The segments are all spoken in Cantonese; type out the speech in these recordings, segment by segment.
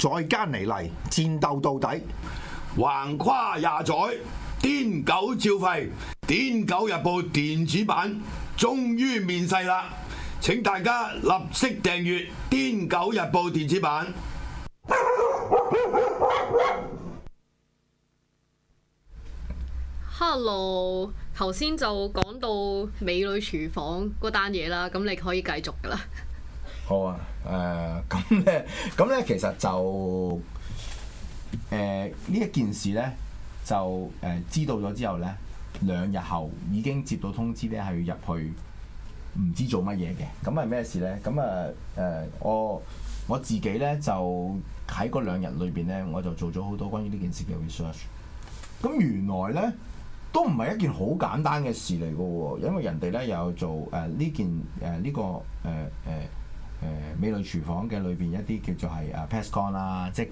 再加尼嚟，戰鬥到底，橫跨廿載，癲狗照吠，癲狗日報電子版終於面世啦！請大家立即訂閱癲狗日報電子版。Hello，頭先就講到美女廚房嗰單嘢啦，咁你可以繼續噶啦。好啊。誒咁咧，咁咧、uh, 嗯嗯嗯、其實就誒呢、呃、一件事咧，就、呃、誒知道咗之後咧，兩日後已經接到通知咧，係要入去唔知做乜嘢嘅。咁係咩事咧？咁啊誒我我自己咧就喺嗰兩日裏邊咧，我就做咗好多關於呢件事嘅 research、嗯。咁原來咧都唔係一件好簡單嘅事嚟嘅喎，因為人哋咧有做誒呢、呃、件誒呢、呃這個誒誒。呃呃誒、呃、美女廚房嘅裏邊一啲叫做係誒 pass con 啦，即係誒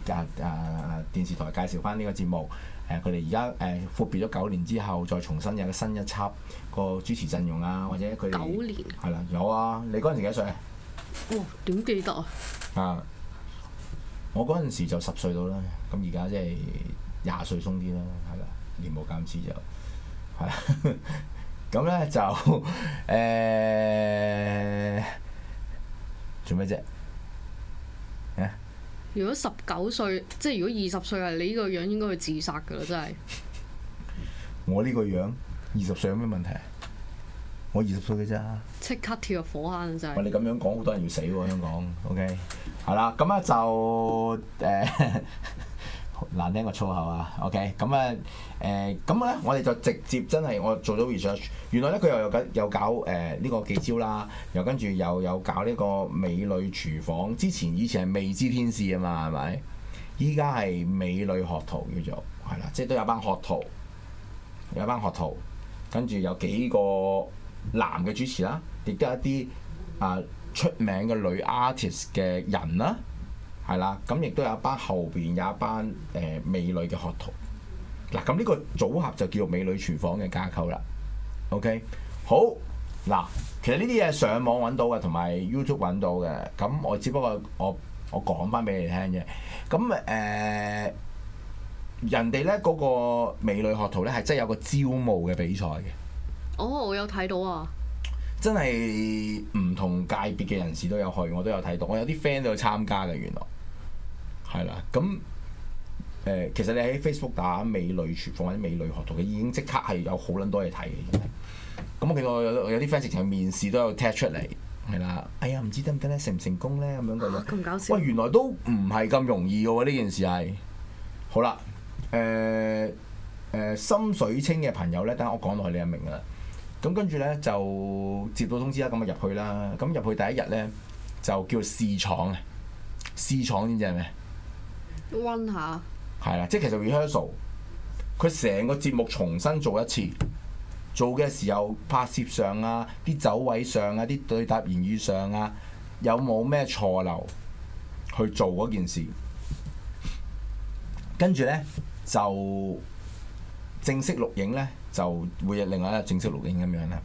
誒電視台介紹翻呢個節目。誒佢哋而家誒闊別咗九年之後，再重新有個新一輯個主持陣容啊，或者佢九年，係啦，有啊。你嗰陣時幾多歲啊？哦，點記得啊！啊，我嗰陣時就十歲到啦，咁而家即係廿歲鬆啲啦，係啦，年冇減少就係啦。咁咧、嗯、 就誒。欸做咩啫？Yeah. 如果十九歲，即係如果二十歲啊，你呢個樣應該去自殺噶啦，真係 。我呢個樣二十歲有咩問題啊？我二十歲嘅咋。即刻跳入火坑，真係。你咁樣講，好多人要死喎。香港 ，OK，係 啦、嗯，咁咧就誒。哎 難聽個粗口啊，OK，咁啊，誒、欸，咁咧，我哋就直接真係我做到 research，原來咧佢又有搞有搞誒呢、呃這個記招啦，又跟住又有搞呢個美女廚房，之前以前係未知天使啊嘛，係咪？依家係美女學徒叫做，係啦，即係都有班學徒，有班學徒，跟住有幾個男嘅主持啦，亦都有一啲啊、呃、出名嘅女 artist 嘅人啦。係啦，咁亦都有一班後邊有一班誒美女嘅學徒，嗱，咁呢個組合就叫做美女廚房嘅架構啦。OK，好嗱，其實呢啲嘢上網揾到嘅，同埋 YouTube 揾到嘅，咁我只不過我我講翻俾你聽啫。咁誒、呃，人哋呢嗰個美女學徒呢係真係有個招募嘅比賽嘅。哦，我有睇到啊！真係唔同界別嘅人士都有去，我都有睇到，我有啲 friend 都有參加嘅，原來。係啦，咁誒、呃，其實你喺 Facebook 打美女廚房或者美女學徒，佢已經即刻係有好撚多嘢睇嘅。咁我見到有有啲 fans 直情面試都有踢出嚟，係啦。哎呀，唔知得唔得咧，成唔成功咧？咁樣個樣咁搞笑。喂，原來都唔係咁容易嘅喎，呢件事係好啦。誒、呃、誒、呃，深水清嘅朋友咧，等下我講落去你就明嘅啦。咁跟住咧就接到通知啦，咁就入去啦。咁入去第一日咧就叫做試廠啊，試廠先至係咩？温下係啦， 即係其實 rehearsal 佢成個節目重新做一次做嘅時候拍攝上啊，啲走位上啊，啲對答言語上啊，有冇咩錯漏去做嗰件事？跟住咧就正式錄影咧，就會有另外一個正式錄影咁樣啦。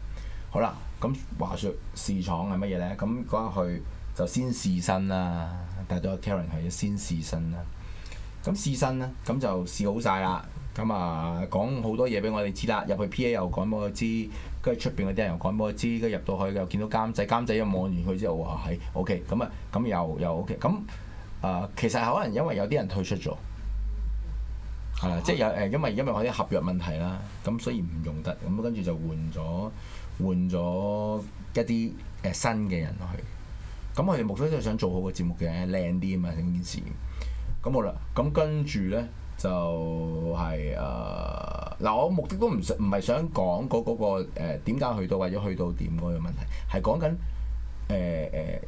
好啦，咁話説試廠係乜嘢咧？咁嗰日去就先試身啦，帶咗 Karen 去先試身啦。咁試身咧，咁就試好晒啦。咁啊，講好多嘢俾我哋知啦。入去 P.A. 又講俾我知，跟住出邊嗰啲人又講俾我知。跟住入到去又見到監製，監製又望完佢之後話係 O.K. 咁啊，咁又又 O.K. 咁啊，其實可能因為有啲人退出咗，係啦的，的即係有誒，因為因為我啲合約問題啦，咁所以唔用得，咁跟住就換咗換咗一啲誒、啊、新嘅人去。咁我哋目的就係想做好個節目嘅，靚啲啊嘛，整件事。咁好啦，咁跟住呢，就係誒嗱，我目的都唔想、嗰個，唔係想講嗰嗰個點解、呃、去到或者去到點嗰個問題，係講緊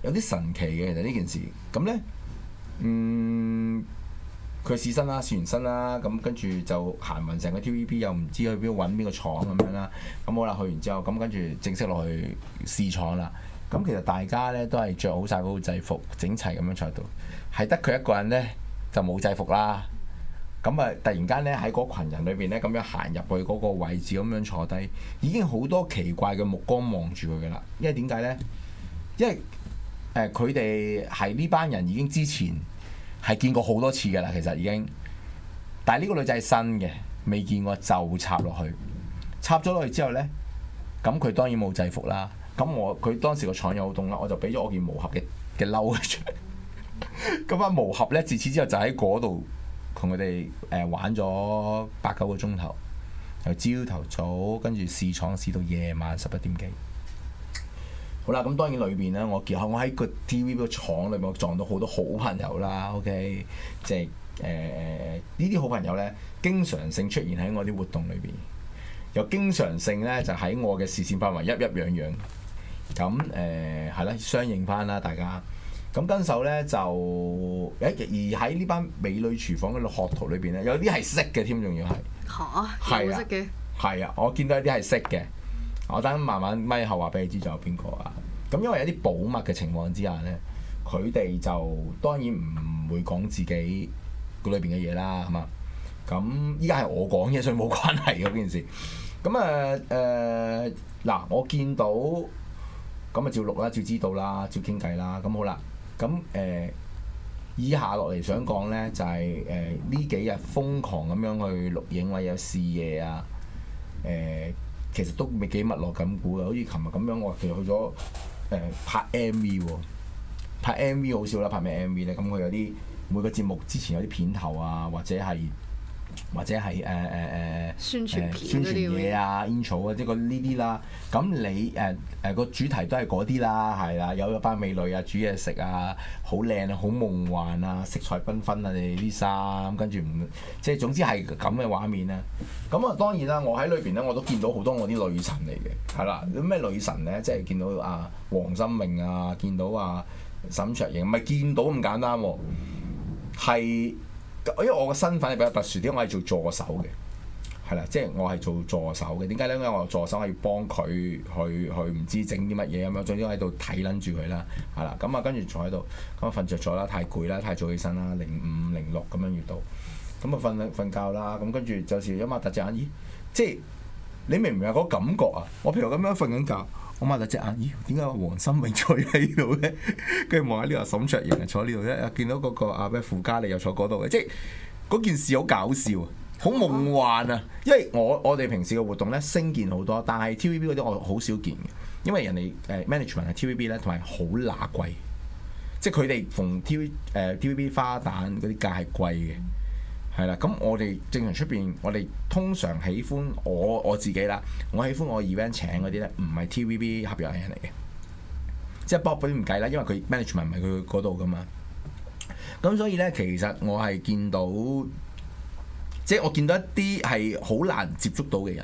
有啲神奇嘅其實呢件事，咁呢，嗯，佢試身啦，試完身啦，咁跟住就行勻成個 TVB 又唔知去邊度揾邊個廠咁樣啦，咁好啦，去完之後，咁跟住正式落去試廠啦。咁其實大家呢，都係着好晒嗰套制服，整齊咁樣坐喺度，係得佢一個人呢。就冇制服啦，咁啊突然間呢，喺嗰羣人裏邊呢，咁樣行入去嗰個位置咁樣坐低，已經好多奇怪嘅目光望住佢噶啦。因為點解呢？因為佢哋係呢班人已經之前係見過好多次噶啦，其實已經。但係呢個女仔係新嘅，未見過就插落去，插咗落去之後呢，咁佢當然冇制服啦。咁我佢當時個廠又好凍啦，我就俾咗我件無合嘅嘅褸出嚟。咁啊， 無合咧，自此之後就喺嗰度同佢哋誒玩咗八九個鐘頭，由朝頭早跟住試廠試到夜晚十一點幾。好啦，咁當然裏邊咧，我結合我喺個 TVB 個廠裏邊撞到好多好朋友啦。OK，即係誒呢啲好朋友咧，經常性出現喺我啲活動裏邊，又經常性咧就喺我嘅視線範圍，一一樣樣。咁誒係啦，相應返啦，大家。咁跟手咧就誒而喺呢班美女廚房嗰度學徒裏邊咧，有啲係識嘅添，仲要係嚇係啊，係啊，啊，我見到一啲係識嘅。我等慢慢咪後話俾你知，仲有邊個啊？咁因為有啲保密嘅情況之下咧，佢哋就當然唔會講自己個裏邊嘅嘢啦，係嘛？咁依家係我講嘢，所以冇關係嘅、啊、嗰件事。咁誒誒嗱，我見到咁啊，就照錄啦、啊，照知道啦、啊，照傾偈啦，咁、啊啊、好啦。咁誒、呃、以下落嚟想講呢，就係誒呢幾日瘋狂咁樣去錄影或有試嘢啊！誒、呃、其實都未幾密落緊估啊，好似琴日咁樣，我其實去咗拍 MV 喎，拍 MV 好、哦、少啦，拍咩、啊、MV 呢？咁、嗯、佢有啲每個節目之前有啲片頭啊，或者係。或者係誒誒誒宣傳宣傳嘢啊 intro 啊，即係呢啲啦。咁你誒誒個主題都係嗰啲啦，係啦，有一班美女啊，煮嘢食啊，好靚啊，好夢幻啊，色彩繽紛啊，你哋啲衫，跟住唔即係總之係咁嘅畫面啊。咁啊，當然啦，我喺裏邊咧，我都見到好多我啲女神嚟嘅，係啦，咩女神咧？即係見到啊黃心穎啊，見到啊沈卓盈，唔係見到咁簡單喎、啊，係。因為我個身份係比較特殊啲，我係做助手嘅，係啦，即係我係做助手嘅。點解咧？因為我助手我要幫佢去去唔知整啲乜嘢咁樣，總之喺度睇撚住佢啦，係啦。咁、嗯、啊跟住坐喺度，咁啊瞓着咗啦，太攰啦，太早起身啦，零五零六咁樣要到，咁啊瞓瞓覺啦，咁、嗯、跟住就是一晚突隻眼咦，即係你明唔明啊個感覺啊？我譬如咁樣瞓緊覺。我望到隻眼，咦、哎？點解黃心穎坐喺呢度咧？跟住望喺呢度，沈卓盈坐呢度啫。啊，見到嗰個啊咩傅嘉莉又坐嗰度嘅，即係嗰件事好搞笑，好夢幻啊！因為我我哋平時嘅活動咧，升見好多，但係 TVB 嗰啲我好少見嘅，因為人哋誒 management 嘅 TVB 咧，同埋好乸貴，即係佢哋逢 TV 誒、呃、TVB 花旦嗰啲價係貴嘅。係啦，咁我哋正常出面，我哋通常喜歡我我自己啦，我喜歡我 event 請嗰啲咧，唔係 TVB 合約人嚟嘅，即係波本唔計啦，因為佢 management 唔係佢嗰度噶嘛。咁所以咧，其實我係見到，即係我見到一啲係好難接觸到嘅人。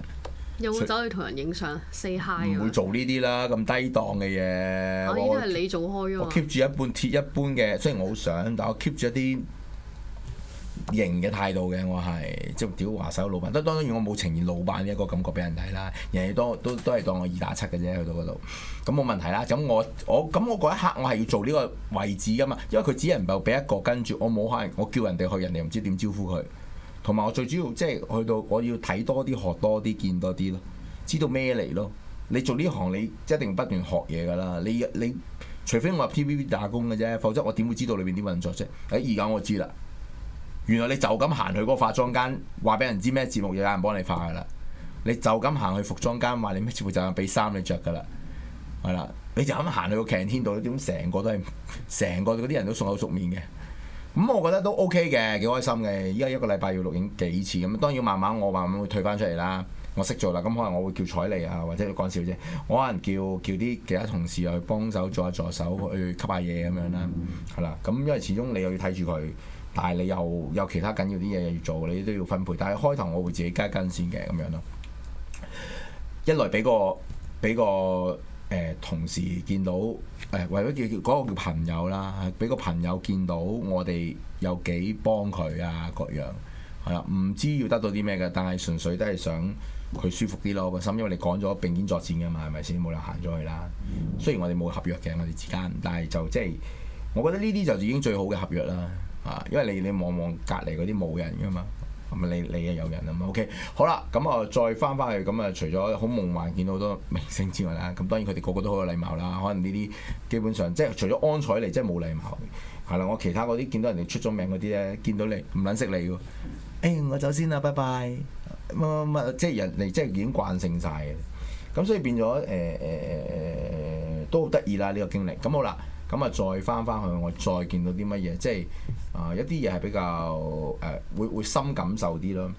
有冇走去同人影相 say hi？唔會做呢啲啦，咁低檔嘅嘢。啊、我係你做開啊，我 keep 住一半貼一半嘅，雖然我好想，但我 keep 住一啲。型嘅態度嘅，我係即係屌華手老闆，但當然我冇呈現老闆呢一個感覺俾人睇啦。人哋都都都係當我二打七嘅啫，去到嗰度，咁冇問題啦。咁我我咁我嗰一刻我係要做呢個位置噶嘛，因為佢只能夠俾一個跟住，我冇可能我叫人哋去，人哋又唔知點招呼佢。同埋我最主要即係去到我要睇多啲、學多啲、見多啲咯，知道咩嚟咯。你做呢行你一定不斷學嘢噶啦。你你除非我入 TVB 打工嘅啫，否則我點會知道裏面啲運作啫？誒而家我知啦。原來你就咁行去嗰個化妝間，話俾人知咩節目，有有人幫你化噶啦。你就咁行去服裝間，話你咩節目就俾衫你着噶啦。係啦，你就咁行去個劇天度，點成個都係成個嗰啲人都熟口熟面嘅。咁、嗯、我覺得都 OK 嘅，幾開心嘅。依家一個禮拜要錄影幾次咁，當然要慢慢我話會退翻出嚟啦。我識做啦，咁可能我會叫采妮啊，或者講笑啫。我可能叫叫啲其他同事去幫手做下助手，助手去吸下嘢咁樣啦。係啦，咁因為始終你又要睇住佢。但係你又有其他緊要啲嘢要做，你都要分配。但係開頭我會自己加根線嘅咁樣咯。一來俾個俾個誒、呃、同事見到，誒為咗叫叫嗰、那個叫朋友啦，俾個朋友見到我哋有幾幫佢啊，各樣，係啊，唔知要得到啲咩嘅，但係純粹都係想佢舒服啲咯。心因為你講咗並肩作戰㗎嘛，係咪先？冇理由行咗去啦？雖然我哋冇合約嘅，我哋之間，但係就即係我覺得呢啲就已經最好嘅合約啦。因為你你望望隔離嗰啲冇人噶嘛，係咪你你又有人啊嘛？OK，好啦，咁啊再翻翻去，咁啊除咗好夢幻，見到好多明星之外啦，咁當然佢哋個個都好有禮貌啦。可能呢啲基本上即係除咗安采妮，即係冇禮貌係啦。我其他嗰啲見到人哋出咗名嗰啲咧，見到你唔撚識你喎，欸。我先走先啦，拜拜。乜乜即係人哋即係已經慣性晒嘅。咁所以變咗誒誒誒誒都好得意啦呢、呢個經歷。咁好啦。咁啊，再翻翻去，我再見到啲乜嘢，即係啊、呃、一啲嘢係比較誒、呃，會會深感受啲咯。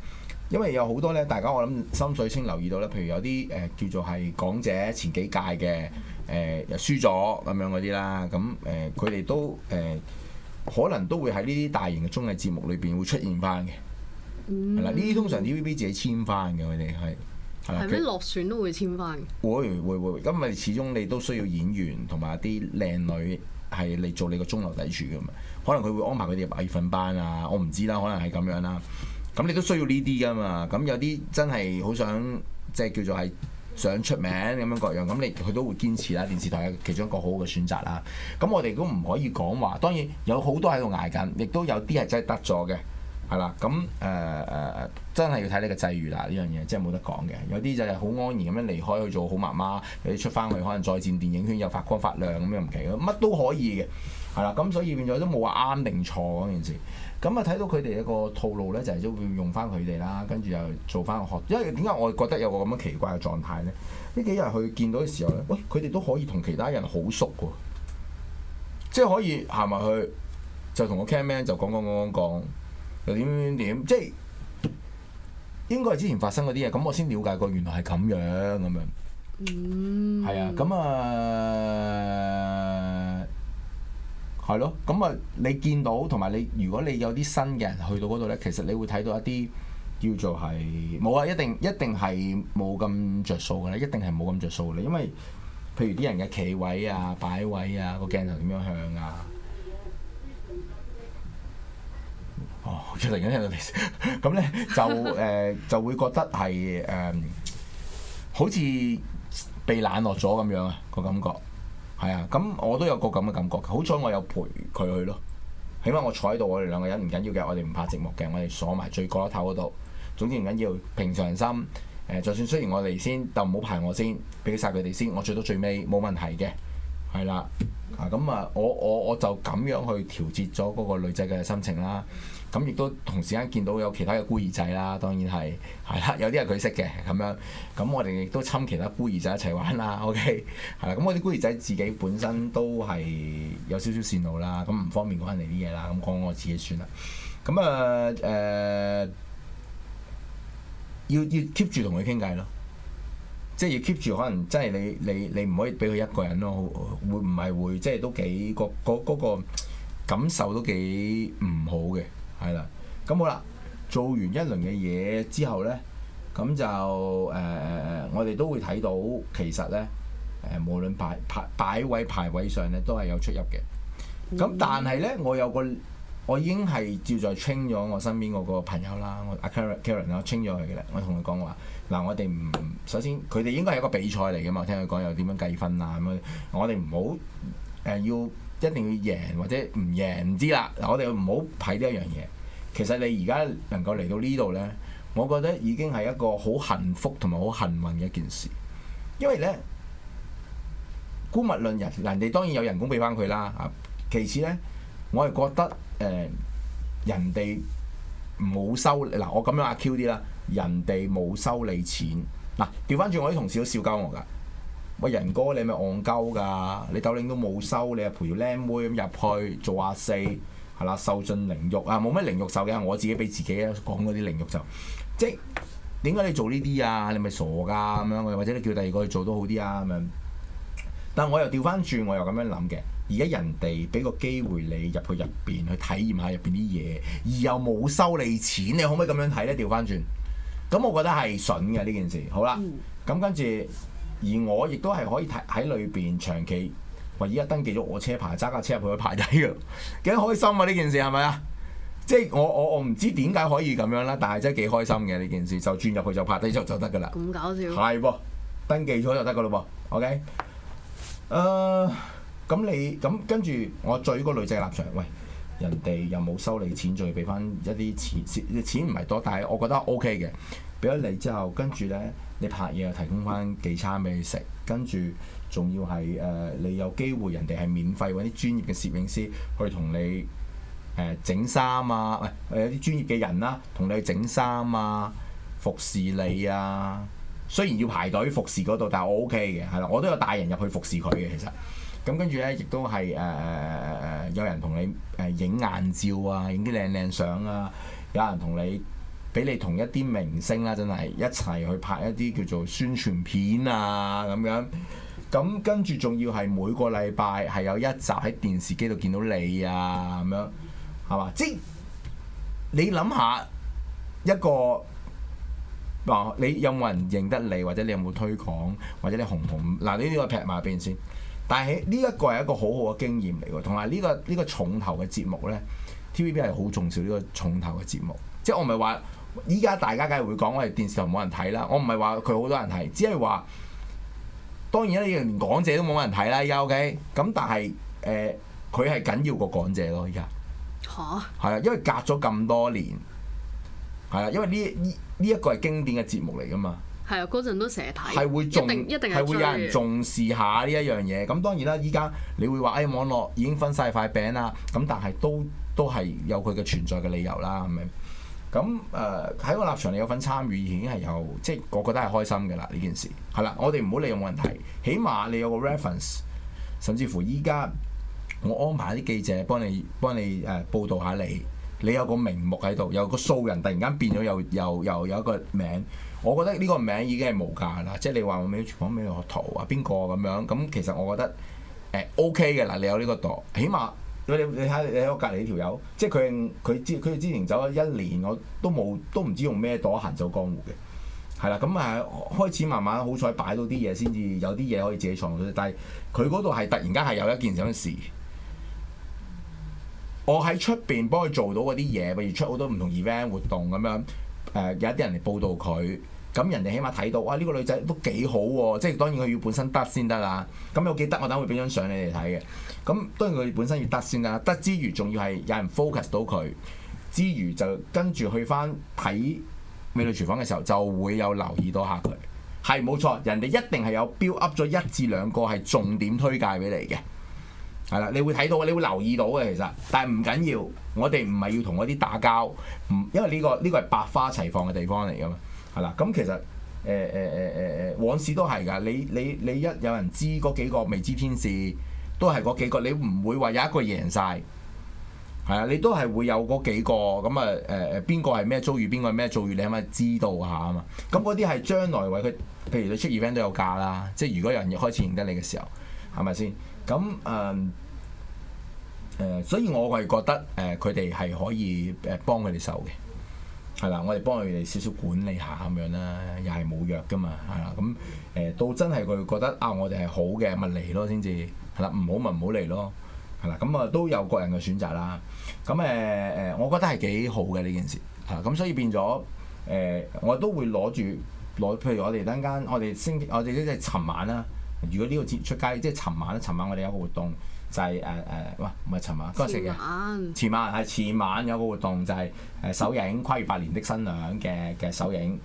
因為有好多咧，大家我諗心水清留意到咧，譬如有啲誒、呃、叫做係港姐前幾屆嘅誒、呃，又輸咗咁樣嗰啲啦，咁誒佢哋都誒、呃，可能都會喺呢啲大型嘅綜藝節目裏邊會出現翻嘅。係啦、mm.，呢啲通常 TVB 自己簽翻嘅，佢哋係。係咩落選都會簽翻嘅？會會會，因為始終你都需要演員同埋啲靚女係嚟做你個中流砥柱㗎嘛。可能佢會安排佢哋入藝訓班啊，我唔知啦，可能係咁樣啦、啊。咁你都需要呢啲㗎嘛。咁有啲真係好想即係叫做係想出名咁樣各樣。咁你佢都會堅持啦。電視台係其中一個好好嘅選擇啦。咁我哋都唔可以講話，當然有好多喺度捱緊，亦都有啲係真係得咗嘅。係啦，咁誒誒，真係要睇你嘅際遇啦，呢樣嘢即係冇得講嘅。有啲就係好安然咁樣離開去做好媽媽，有啲出翻去可能再戰電影圈又發光發亮咁樣唔奇咯，乜都可以嘅。係啦，咁所以變咗都冇話啱定錯嗰件事。咁啊睇到佢哋一個套路咧，就係、是、都用翻佢哋啦，跟住又做翻學。因為點解我覺得有個咁樣奇怪嘅狀態咧？呢幾日去見到嘅時候咧，喂、哎，佢哋都可以同其他人好熟喎，即係可以行埋去就同個 cam man 就講講講講講。又點點點，即係應該係之前發生嗰啲嘢，咁我先了解過，原來係咁樣咁樣，係、mm. 啊，咁啊，係咯，咁啊，你見到同埋你，如果你有啲新嘅人去到嗰度咧，其實你會睇到一啲叫做係冇啊，一定一定係冇咁着數嘅咧，一定係冇咁着數嘅咧，因為譬如啲人嘅企位啊、擺位啊、個鏡頭點樣向啊。出嚟咁樣，咁咧 就誒、呃、就會覺得係誒、呃、好似被冷落咗咁樣啊、個感覺係啊。咁我都有個咁嘅感覺。好彩我有陪佢去咯，起碼我坐喺度，我哋兩個人唔緊要嘅，我哋唔怕寂寞嘅，我哋鎖埋最角落頭嗰度。總之唔緊要，平常心誒。就、呃、算雖然我哋先，但唔好排我先，俾晒佢哋先，我最到最尾冇問題嘅係啦。啊咁啊，我我我就咁樣去調節咗嗰個女仔嘅心情啦。咁亦都同時間見到有其他嘅孤兒仔啦，當然係係啦，有啲係佢識嘅咁樣。咁我哋亦都侵其他孤兒仔一齊玩啦。OK 係啦。咁我啲孤兒仔自己本身都係有少少線路啦，咁唔方便講人哋啲嘢啦，咁講我自己算啦。咁啊誒，要要 keep 住同佢傾偈咯，即係要 keep 住，可能真係你你你唔可以俾佢一個人咯，會唔係會即係都幾個嗰嗰個感受都幾唔好嘅。係啦，咁好啦，做完一輪嘅嘢之後咧，咁就誒誒誒，我哋都會睇到其實咧，誒、呃、無論排排擺位排位上咧都係有出入嘅。咁但係咧，我有個我已經係照在清咗我身邊嗰個朋友啦，我阿 Karen 啊清咗佢嘅啦，我同佢講話，嗱，我哋唔首先佢哋應該係一個比賽嚟嘅嘛，我聽佢講有點樣計分啊咁啊，我哋唔好誒要。呃要一定要贏或者唔贏唔知啦嗱，我哋唔好睇呢一樣嘢。其實你而家能夠嚟到呢度呢，我覺得已經係一個好幸福同埋好幸運嘅一件事。因為呢，姑勿論人，人哋當然有人工俾翻佢啦。其次呢，我係覺得誒、呃、人哋冇收嗱，我咁樣阿 Q 啲啦，人哋冇收你錢嗱，調翻轉我啲同事都笑交我㗎。喂，仁哥，你咪戇鳩㗎？你斗零都冇收，你又陪靚妹咁入去做阿四，係啦，受盡凌辱啊！冇乜凌辱受嘅，我自己俾自己啊，講嗰啲凌辱就，即係點解你做呢啲啊？你咪傻㗎咁樣，或者你叫第二個去做都好啲啊咁樣。但我又調翻轉，我又咁樣諗嘅。而家人哋俾個機會你入去入邊去體驗下入邊啲嘢，而又冇收你錢，你可唔可以咁樣睇咧？調翻轉，咁我覺得係筍嘅呢件事。好啦，咁、嗯、跟住。而我亦都係可以睇喺裏邊長期，喂！依家登記咗我車牌，揸架車入去排低嘅，幾開心啊！呢件事係咪啊？即係我我我唔知點解可以咁樣啦，但係真係幾開心嘅呢件事，就轉入去就拍低咗就得㗎啦。咁搞笑！係喎，登記咗就得㗎啦噃。OK，誒、uh，咁你咁跟住我最個女仔嘅立場，喂。人哋又冇收你錢，仲要俾翻一啲錢，錢唔係多，但係我覺得 O K 嘅。俾咗你之後，跟住呢，你拍嘢又提供翻幾餐俾你食，跟住仲要係誒，你有機會人哋係免費揾啲專業嘅攝影師去同你整衫、呃、啊，唔係有啲專業嘅人啦、啊，同你去整衫啊，服侍你啊。雖然要排隊服侍嗰度，但係我 O K 嘅，係啦，我都有帶人入去服侍佢嘅，其實。咁跟住咧，亦都係誒誒誒誒有人同你誒影、呃、硬照啊，影啲靚靚相啊。有人同你俾你同一啲明星啦、啊，真係一齊去拍一啲叫做宣傳片啊咁樣。咁跟住仲要係每個禮拜係有一集喺電視機度見到你啊，咁樣係嘛？即你諗下一個嗱、哦，你有冇人認得你，或者你有冇推廣，或者你紅紅嗱？呢啲我劈埋一邊先。但係呢一個係一個好好嘅經驗嚟喎，同埋呢個呢、呢個重頭嘅節目呢 TVB 係好重視呢個重頭嘅節目。即係我唔係話依家大家梗係會講我哋電視台冇人睇啦，我唔係話佢好多人睇，只係話當然啦，樣連港姐都冇人睇啦，OK？咁但係誒，佢係緊要過港姐咯，依家嚇係啊，因為隔咗咁多年，係啊，因為呢呢一個係經典嘅節目嚟噶嘛。係啊，嗰陣都成日睇，係會重，一定係會有人重視下呢一樣嘢。咁當然啦，依家你會話，哎，網絡已經分晒塊餅啦。咁但係都都係有佢嘅存在嘅理由啦，係咪？咁誒喺個立場，你有份參與已經係有，即我覺得係開心嘅啦。呢件事係啦，我哋唔好利用問題，起碼你有個 reference，甚至乎依家我安排啲記者幫你幫你誒、呃、報導下你。你有個名目喺度，有個素人突然間變咗，又又又有一個名。我覺得呢個名已經係無價啦，即係你話我咩住房咩學徒啊，邊個咁樣？咁其實我覺得誒、欸、OK 嘅啦，你有呢個朵，起碼你睇你喺我隔離呢條友，即係佢佢之佢之前走咗一年，我都冇都唔知用咩朵行走江湖嘅，係啦。咁、嗯、啊開始慢慢好彩擺到啲嘢，先至有啲嘢可以自己創造。但係佢嗰度係突然間係有一件咁嘅事，我喺出邊幫佢做到嗰啲嘢，譬如出好多唔同 event 活動咁樣。誒、呃、有一啲人嚟報道佢，咁人哋起碼睇到哇呢、這個女仔都幾好喎、啊，即係當然佢要本身得先得啦。咁、嗯、有記得我等會俾張相你哋睇嘅。咁、嗯、當然佢本身要得先啦，得之餘仲要係有人 focus 到佢之餘，就跟住去翻睇《美女廚房》嘅時候就會有留意到下佢。係冇錯，人哋一定係有 build up 咗一至兩個係重點推介俾你嘅。係啦， 你會睇到你會留意到嘅、這個這個，其實，但係唔緊要，我哋唔係要同嗰啲打交，唔，因為呢個呢個係百花齊放嘅地方嚟㗎嘛，係啦，咁其實誒誒誒誒誒，往事都係㗎，你你你一有人知嗰幾個未知天使，都係嗰幾個，你唔會話有一個贏晒。係啊，你都係會有嗰幾個，咁啊誒誒邊個係咩遭遇，邊個係咩遭遇，你可唔可以知道下啊嘛，咁嗰啲係將來為佢，譬如你出 event 都有價啦，即係如果有人要開始認得你嘅時候，係咪先？咁誒誒，所以我係覺得誒，佢哋係可以誒幫佢哋手嘅，係啦，我哋幫佢哋少少管理下咁樣啦，又係冇藥㗎嘛，係啦，咁、嗯、誒到真係佢覺得啊、呃，我哋係好嘅，咪嚟咯先至，係啦，唔好咪唔好嚟咯，係啦，咁、嗯、啊都有個人嘅選擇啦。咁誒誒，我覺得係幾好嘅呢件事，係咁、嗯、所以變咗誒、呃，我都會攞住攞，譬如我哋等陣間，我哋先，我哋即係尋晚啦。如果呢個節出街，即係尋晚。尋晚我哋有個活動，就係誒誒，喂、呃，唔係尋晚，嗰日食嘅。前晚係前晚有個活動，就係誒首映跨越百年的新娘嘅嘅首映。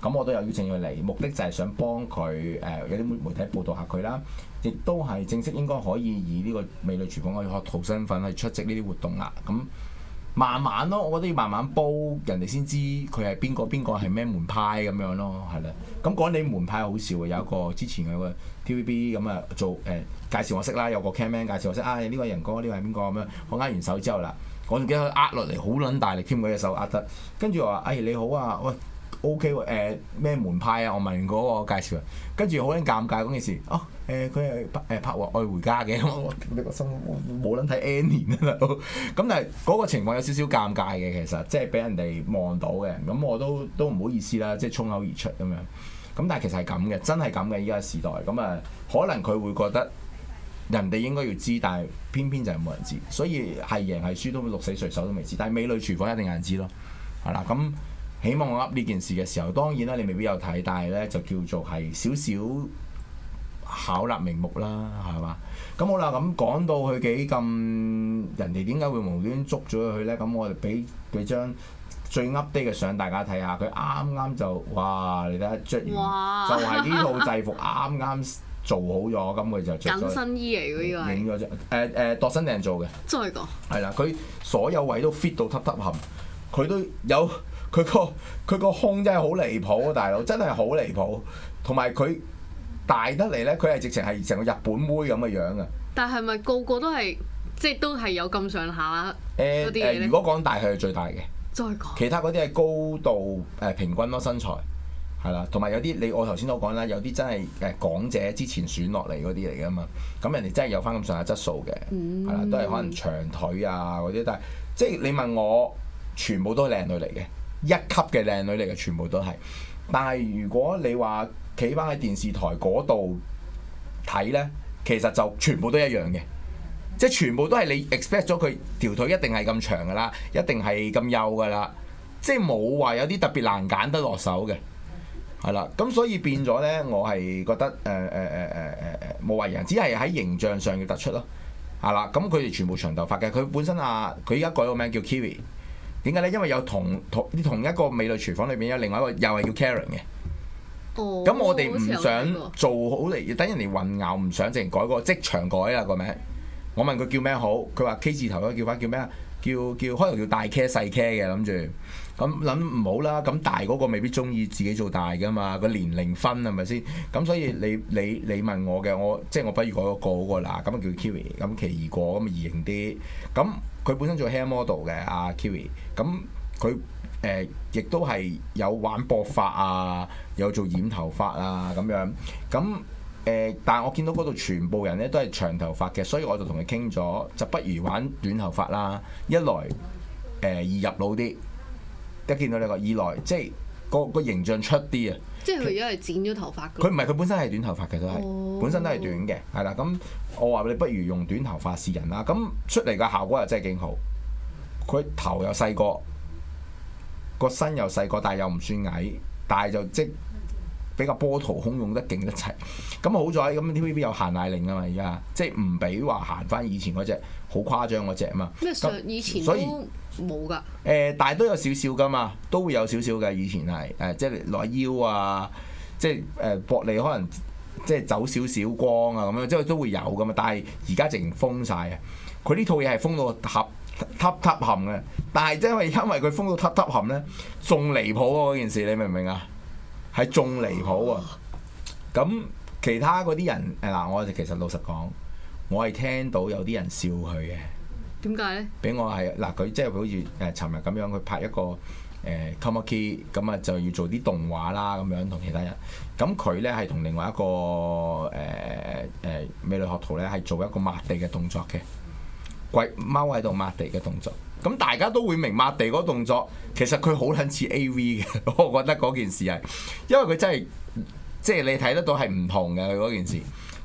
咁我都有邀請佢嚟，目的就係想幫佢誒、呃、有啲媒媒體報導下佢啦。亦都係正式應該可以以呢個美女廚房可以學徒身份去出席呢啲活動啦。咁、嗯。慢慢咯，我覺得要慢慢煲，人哋先知佢係邊個邊個係咩門派咁樣咯，係啦。咁講你門派好笑，有一個之前有個 T V B 咁啊，做、欸、誒介紹我識啦，有個 cameraman 介紹我識啊，呢、哎、個人哥呢個係邊個咁樣，我握完手之後啦，我仲記得握落嚟好撚大力，簽佢隻手握得，跟住話誒你好啊，喂 O K 喎誒咩門派啊？我問完嗰、那個介紹人。跟住好撚尷尬嗰件事啊。哦誒佢係拍誒、欸、拍畫愛回家嘅，我我我心冇冇諗睇 N 年啊都，咁 但係嗰個情況有少少尷尬嘅，其實即係俾人哋望到嘅，咁我都都唔好意思啦，即係衝口而出咁樣。咁但係其實係咁嘅，真係咁嘅依家時代，咁啊可能佢會覺得人哋應該要知，但係偏偏就係冇人知，所以係贏係輸都鹿死誰手都未知，但係美女廚房一定有人知咯，係、嗯、啦。咁起碼我噏呢件事嘅時候，當然啦，你未必有睇，但係咧就叫做係少少。巧立名目啦，係嘛？咁好啦，咁講到佢幾咁，人哋點解會無端端捉咗佢去咧？咁我哋俾幾張最 update 嘅相大家睇下，佢啱啱就哇！你睇下，着完哇 就係呢套制服啱啱做好咗，咁佢 就着咗緊身衣嚟嘅呢個影咗張，誒誒度身訂做嘅，再係個係啦！佢所有位都 fit 到凸凸冚，佢都有佢個佢個胸真係好離譜，大佬真係好離譜，同埋佢。大得嚟咧，佢係直情係成個日本妹咁嘅樣啊！但係咪個個都係即係都係有咁上下嗰啲咧？如果講大，佢係最大嘅。再講說其他嗰啲係高度誒、呃、平均咯，身材係啦，同埋有啲你我頭先所講啦，有啲真係誒港姐之前選落嚟嗰啲嚟㗎嘛，咁人哋真係有返咁上下質素嘅，係啦、嗯，都係可能長腿啊嗰啲，但係即係你問我，全部都係靚女嚟嘅，一級嘅靚女嚟嘅，全部都係。但係如果你話，企翻喺電視台嗰度睇呢，其實就全部都一樣嘅，即係全部都係你 expect 咗佢條腿一定係咁長噶啦，一定係咁幼噶啦，即係冇話有啲特別難揀得落手嘅，係啦。咁所以變咗呢，我係覺得誒誒誒冇話人，只係喺形象上嘅突出咯，係啦。咁佢哋全部長頭髮嘅，佢本身啊，佢依家改個名叫 Kiri，點解呢？因為有同同同一個美女廚房裏邊有另外一個又係叫 Karen 嘅。咁、哦、我哋唔想做好嚟，等、那個、人哋混淆，唔想淨改、嗰個職場改啊、嗰個名。我問佢叫咩好，佢話 K 字頭咧叫返叫咩啊？叫叫可能叫大 K，細 K 嘅諗住，咁諗唔好啦。咁大嗰個未必中意自己做大噶嘛，嗰個年齡分係咪先？咁所以你你你問我嘅，我即係我不如改個個嗰啦，咁啊叫 Kiri 咁奇異果咁啊易認啲。咁佢本身做 hair model 嘅阿、啊、Kiri 咁佢。誒，亦、呃、都係有玩薄髮啊，有做染頭髮啊咁樣。咁、呃、誒，但係我見到嗰度全部人咧都係長頭髮嘅，所以我就同佢傾咗，就不如玩短頭髮啦。一來誒易、呃、入腦啲，一見到你個二來即係個個形象出啲啊。即係佢因為係剪咗頭髮。佢唔係佢本身係短頭髮嘅，都係、oh. 本身都係短嘅，係啦。咁我話畀你不如用短頭髮示人啦。咁出嚟嘅效果又真係勁好，佢頭又細個。個身又細個，但係又唔算矮，但係就即比較波濤洶湧得勁得齊。咁好在咁 T.V.B. 有限奶令啊嘛，而家即係唔俾話行翻以前嗰隻好誇張嗰隻啊嘛。咩上麼那以前都冇㗎？誒、呃，但係都有少少㗎嘛，都會有少少嘅。以前係誒，即係攞腰啊，即係誒薄利可能即係走少少光啊咁樣，即係都會有㗎嘛。但係而家直情封晒。啊！佢呢套嘢係封到合。塌塌陷嘅，但係因為因為佢封到塌塌陷呢，仲離譜喎、啊、件事，你明唔明啊？係仲離譜啊！咁其他嗰啲人，嗱，我其實老實講，我係聽到有啲人笑佢嘅。點解咧？俾我係嗱，佢即係好似誒尋日咁樣，佢拍一個誒 commercial 咁啊，就要做啲動畫啦咁樣，同其他人。咁佢呢係同另外一個誒誒、呃、美女學徒呢，係做一個抹地嘅動作嘅。鬼踎喺度抹地嘅動作，咁大家都會明抹地嗰動作，其實佢好撚似 AV 嘅，我覺得嗰件事係，因為佢真係即係你睇得到係唔同嘅嗰件事。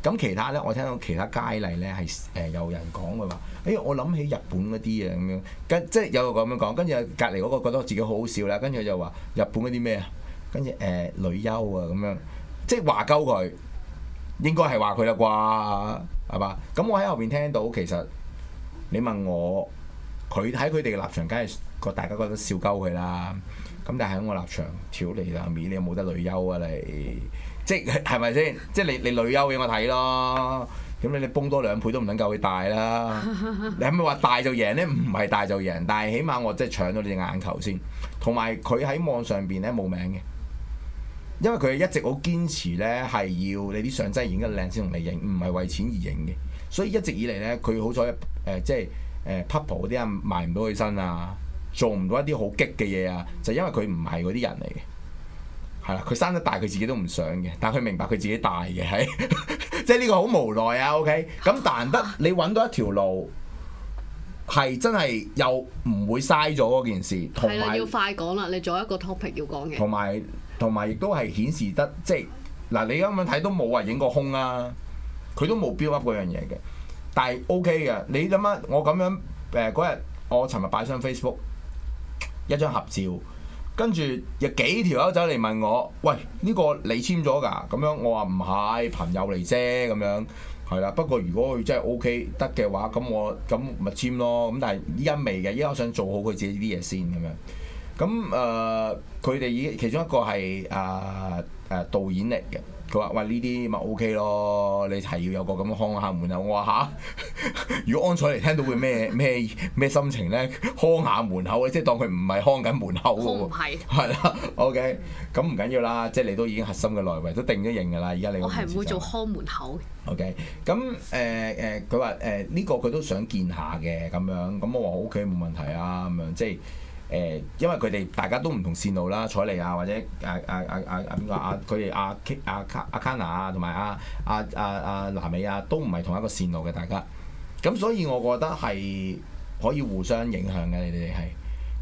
咁其他呢，我聽到其他佳麗呢係誒有人講佢話，哎、欸、我諗起日本嗰啲啊咁樣，跟即係有個咁樣講，跟住隔離嗰個覺得自己好好笑啦，跟住就話日本嗰啲咩啊，跟住誒女優啊咁樣，即係話鳩佢，應該係話佢啦啩，係嘛？咁我喺後邊聽到其實。你問我，佢喺佢哋嘅立場，梗係個大家覺得笑鳩佢啦。咁但係喺我立場，條脷啊面，你有冇得女優啊你？即係係咪先？即係你你女優俾我睇咯。咁你你崩多兩倍都唔能夠佢大啦。你係咪話大就贏呢？唔係大就贏，但係起碼我即係搶咗你隻眼球先。同埋佢喺網上邊咧冇名嘅，因為佢一直好堅持咧，係要你啲相真係影得靚先同你影，唔係為錢而影嘅。所以一直以嚟咧，佢好彩誒、呃，即係誒 p a 嗰啲人埋唔到佢身啊，做唔到一啲好激嘅嘢啊，就因為佢唔係嗰啲人嚟嘅，係啦，佢生得大，佢自己都唔想嘅，但係佢明白佢自己大嘅，係 即係呢個好無奈啊。OK，咁但得你揾到一條路係真係又唔會嘥咗嗰件事，係你要快講啦，你做一個 topic 要講嘅，同埋同埋亦都係顯示得即係嗱，你咁樣睇都冇話影過空啊。佢都冇 build up 嗰樣嘢嘅，但係 OK 嘅。你諗下，呃、我咁樣誒嗰日，我尋日擺上 Facebook 一張合照，跟住有幾條友走嚟問我，喂，呢、這個你簽咗㗎？咁樣我話唔係，朋友嚟啫。咁樣係啦。不過如果佢真係 OK 得嘅話，咁我咁咪簽咯。咁但係依家未嘅，依家我想做好佢自己啲嘢先咁樣。咁、呃、誒，佢哋以其中一個係誒誒導演嚟嘅。佢話：喂，呢啲咪 O K 咯？你係要有個咁嘅看下門口。我」我話吓， 如果安彩嚟聽到會咩咩咩心情咧？看下門口，即係當佢唔係看緊門口喎。係。係啦，O K，咁唔緊要啦，即係你都已經核心嘅內圍都定咗型㗎啦。而家你我係唔會做看門口。O K，咁誒誒，佢話誒呢個佢都想見下嘅咁樣，咁我話 O K 冇問題啊，咁樣即係。誒，因為佢哋大家都唔同線路啦，采妮啊，或者誒誒誒誒邊個啊，佢哋阿 K 阿卡阿卡卡納啊，同埋阿阿阿阿南美啊，都唔係同一個線路嘅，大家。咁所以我覺得係可以互相影響嘅，你哋係。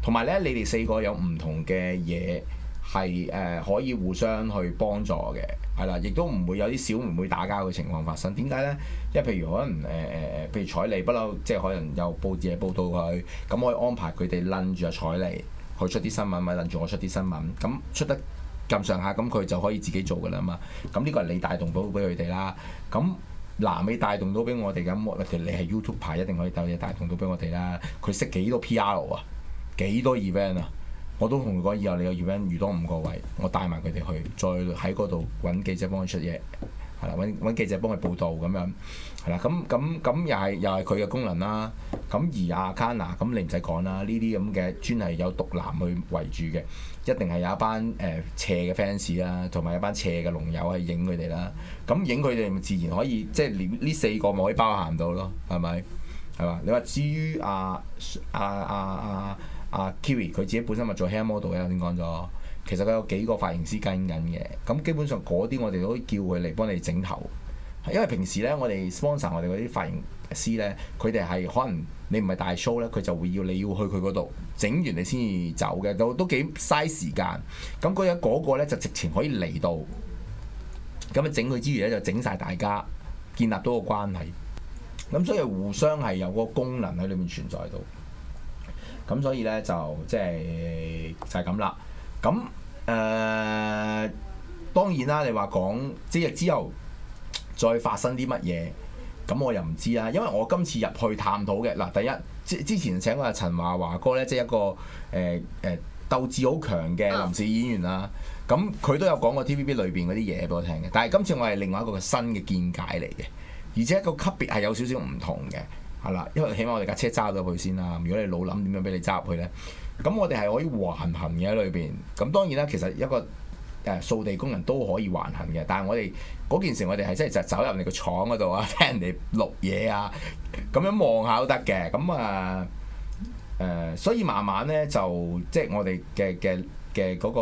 同埋咧，你哋四個有唔同嘅嘢係誒，可以互相去幫助嘅。係啦，亦都唔會有啲小唔妹妹打交嘅情況發生。點解呢？因為譬如可能誒誒、呃、譬如彩利不嬲，即係可能有報紙嚟報道佢，咁我可以安排佢哋擸住就彩利，佢出啲新聞咪擸住我出啲新聞。咁出，出得咁上下，咁佢就可以自己做㗎啦嘛。咁呢個係你帶動到俾佢哋啦。咁嗱，你帶動到俾我哋咁，你係 YouTube 牌，一定可以帶嘢帶動到俾我哋啦。佢識幾多 PR 啊？幾多 event 啊？我都同佢講，以後你有 event 預多五個位，我帶埋佢哋去，再喺嗰度揾記者幫佢出嘢，係啦，揾記者幫佢報道咁樣，係啦，咁咁咁又係又係佢嘅功能啦。咁而阿 Kana 咁你唔使講啦，呢啲咁嘅專係有獨男去圍住嘅，一定係有一班誒、呃、斜嘅 fans 啦，同埋一班斜嘅龍友去影佢哋啦。咁影佢哋咪自然可以即係呢四個咪可以包含到咯，係咪？係嘛？你話至於阿阿阿阿？啊啊啊啊阿 Kiri 佢自己本身咪做 hair model 嘅，頭先講咗？其實佢有幾個髮型師跟緊嘅，咁基本上嗰啲我哋都可以叫佢嚟幫你整頭，因為平時咧我哋 sponsor 我哋嗰啲髮型師咧，佢哋係可能你唔係大 show 咧，佢就會要你要去佢嗰度整完你先至走嘅，都都幾嘥時間。咁嗰一嗰個咧、那個、就直情可以嚟到，咁樣整佢之餘咧就整晒大家，建立到個關係。咁所以互相係有個功能喺裏面存在到。咁、 嗯、所以咧就即係就係咁啦。咁、就、誒、是嗯、當然啦，你話講即係之後再發生啲乜嘢，咁我又唔知啦。因為我今次入去探討嘅嗱，第一之之前請過阿陳華華哥咧，即係一個誒誒、欸、鬥志好強嘅臨時演員啦。咁佢、啊啊嗯、都有講過 TVB 裏邊嗰啲嘢俾我聽嘅。但係今次我係另外一個新嘅見解嚟嘅，而且個級別係有少少唔同嘅。係啦，因為起碼我哋架車揸到佢先啦。如果你老諗點樣俾你揸入去咧，咁我哋係可以橫行嘅喺裏邊。咁當然啦，其實一個誒掃、呃、地工人都可以橫行嘅。但係我哋嗰件事我，我哋係真係就係、走入你個廠嗰度啊，聽人哋錄嘢啊，咁樣望下都得嘅。咁啊誒，所以慢慢咧就即係我哋嘅嘅嘅嗰個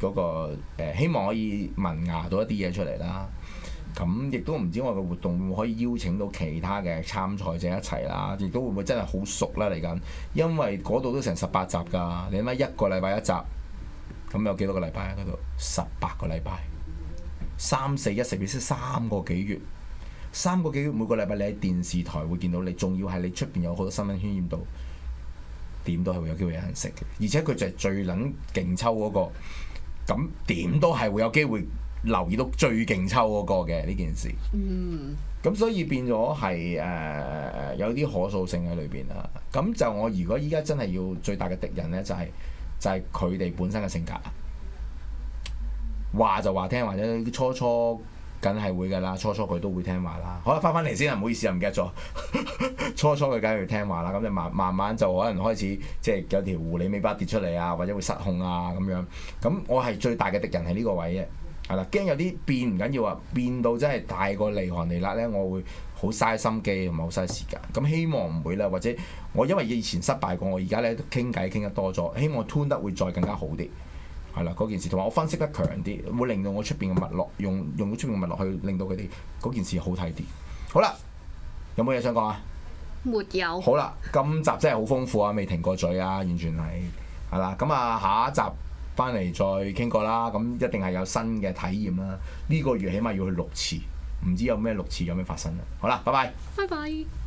嗰、嗰個呃、希望可以萌芽到一啲嘢出嚟啦。咁亦都唔知我個活動會唔會可以邀請到其他嘅參賽者一齊啦，亦都會唔會真係好熟啦。嚟緊？因為嗰度都成十八集㗎，你諗下一個禮拜一集，咁有幾多個禮拜喺嗰度？十八個禮拜，三四一成，變先三個幾月，三個幾月每個禮拜你喺電視台會見到你，仲要係你出邊有好多新聞渲染到，點都係會有機會有人識嘅，而且佢就係最撚勁抽嗰、那個，咁點都係會有機會。留意到最勁抽嗰個嘅呢件事，咁、mm. 所以變咗係誒有啲可塑性喺裏邊啦。咁就我如果依家真係要最大嘅敵人呢，就係、係、就係佢哋本身嘅性格啦。話就話聽話，或者初初梗係會㗎啦，初初佢都會聽話啦。好回回啦，翻返嚟先，唔好意思，唔記得咗。 初初佢梗係要聽話啦，咁你慢慢慢就可能開始即係有條狐狸尾巴跌出嚟啊，或者會失控啊咁樣。咁我係最大嘅敵人係呢個位啫。係啦，驚有啲變唔緊要啊，變到真係大過利寒利辣咧，我會好嘥心機，好嘥時間。咁希望唔會啦，或者我因為以前失敗過，我而家咧都傾偈傾得多咗，希望 turn 得會再更加好啲。係啦，嗰件事同埋我分析得強啲，會令到我出邊嘅脈絡用用到出邊嘅脈絡去，令到佢哋嗰件事好睇啲。好啦，有冇嘢想講啊？沒有。好啦，今集真係好豐富啊，未停過嘴啊，完全係係啦。咁啊，下一集。翻嚟再傾過啦，咁一定係有新嘅體驗啦。呢個月起碼要去六次，唔知有咩六次有咩發生啦。好啦，拜拜。拜拜。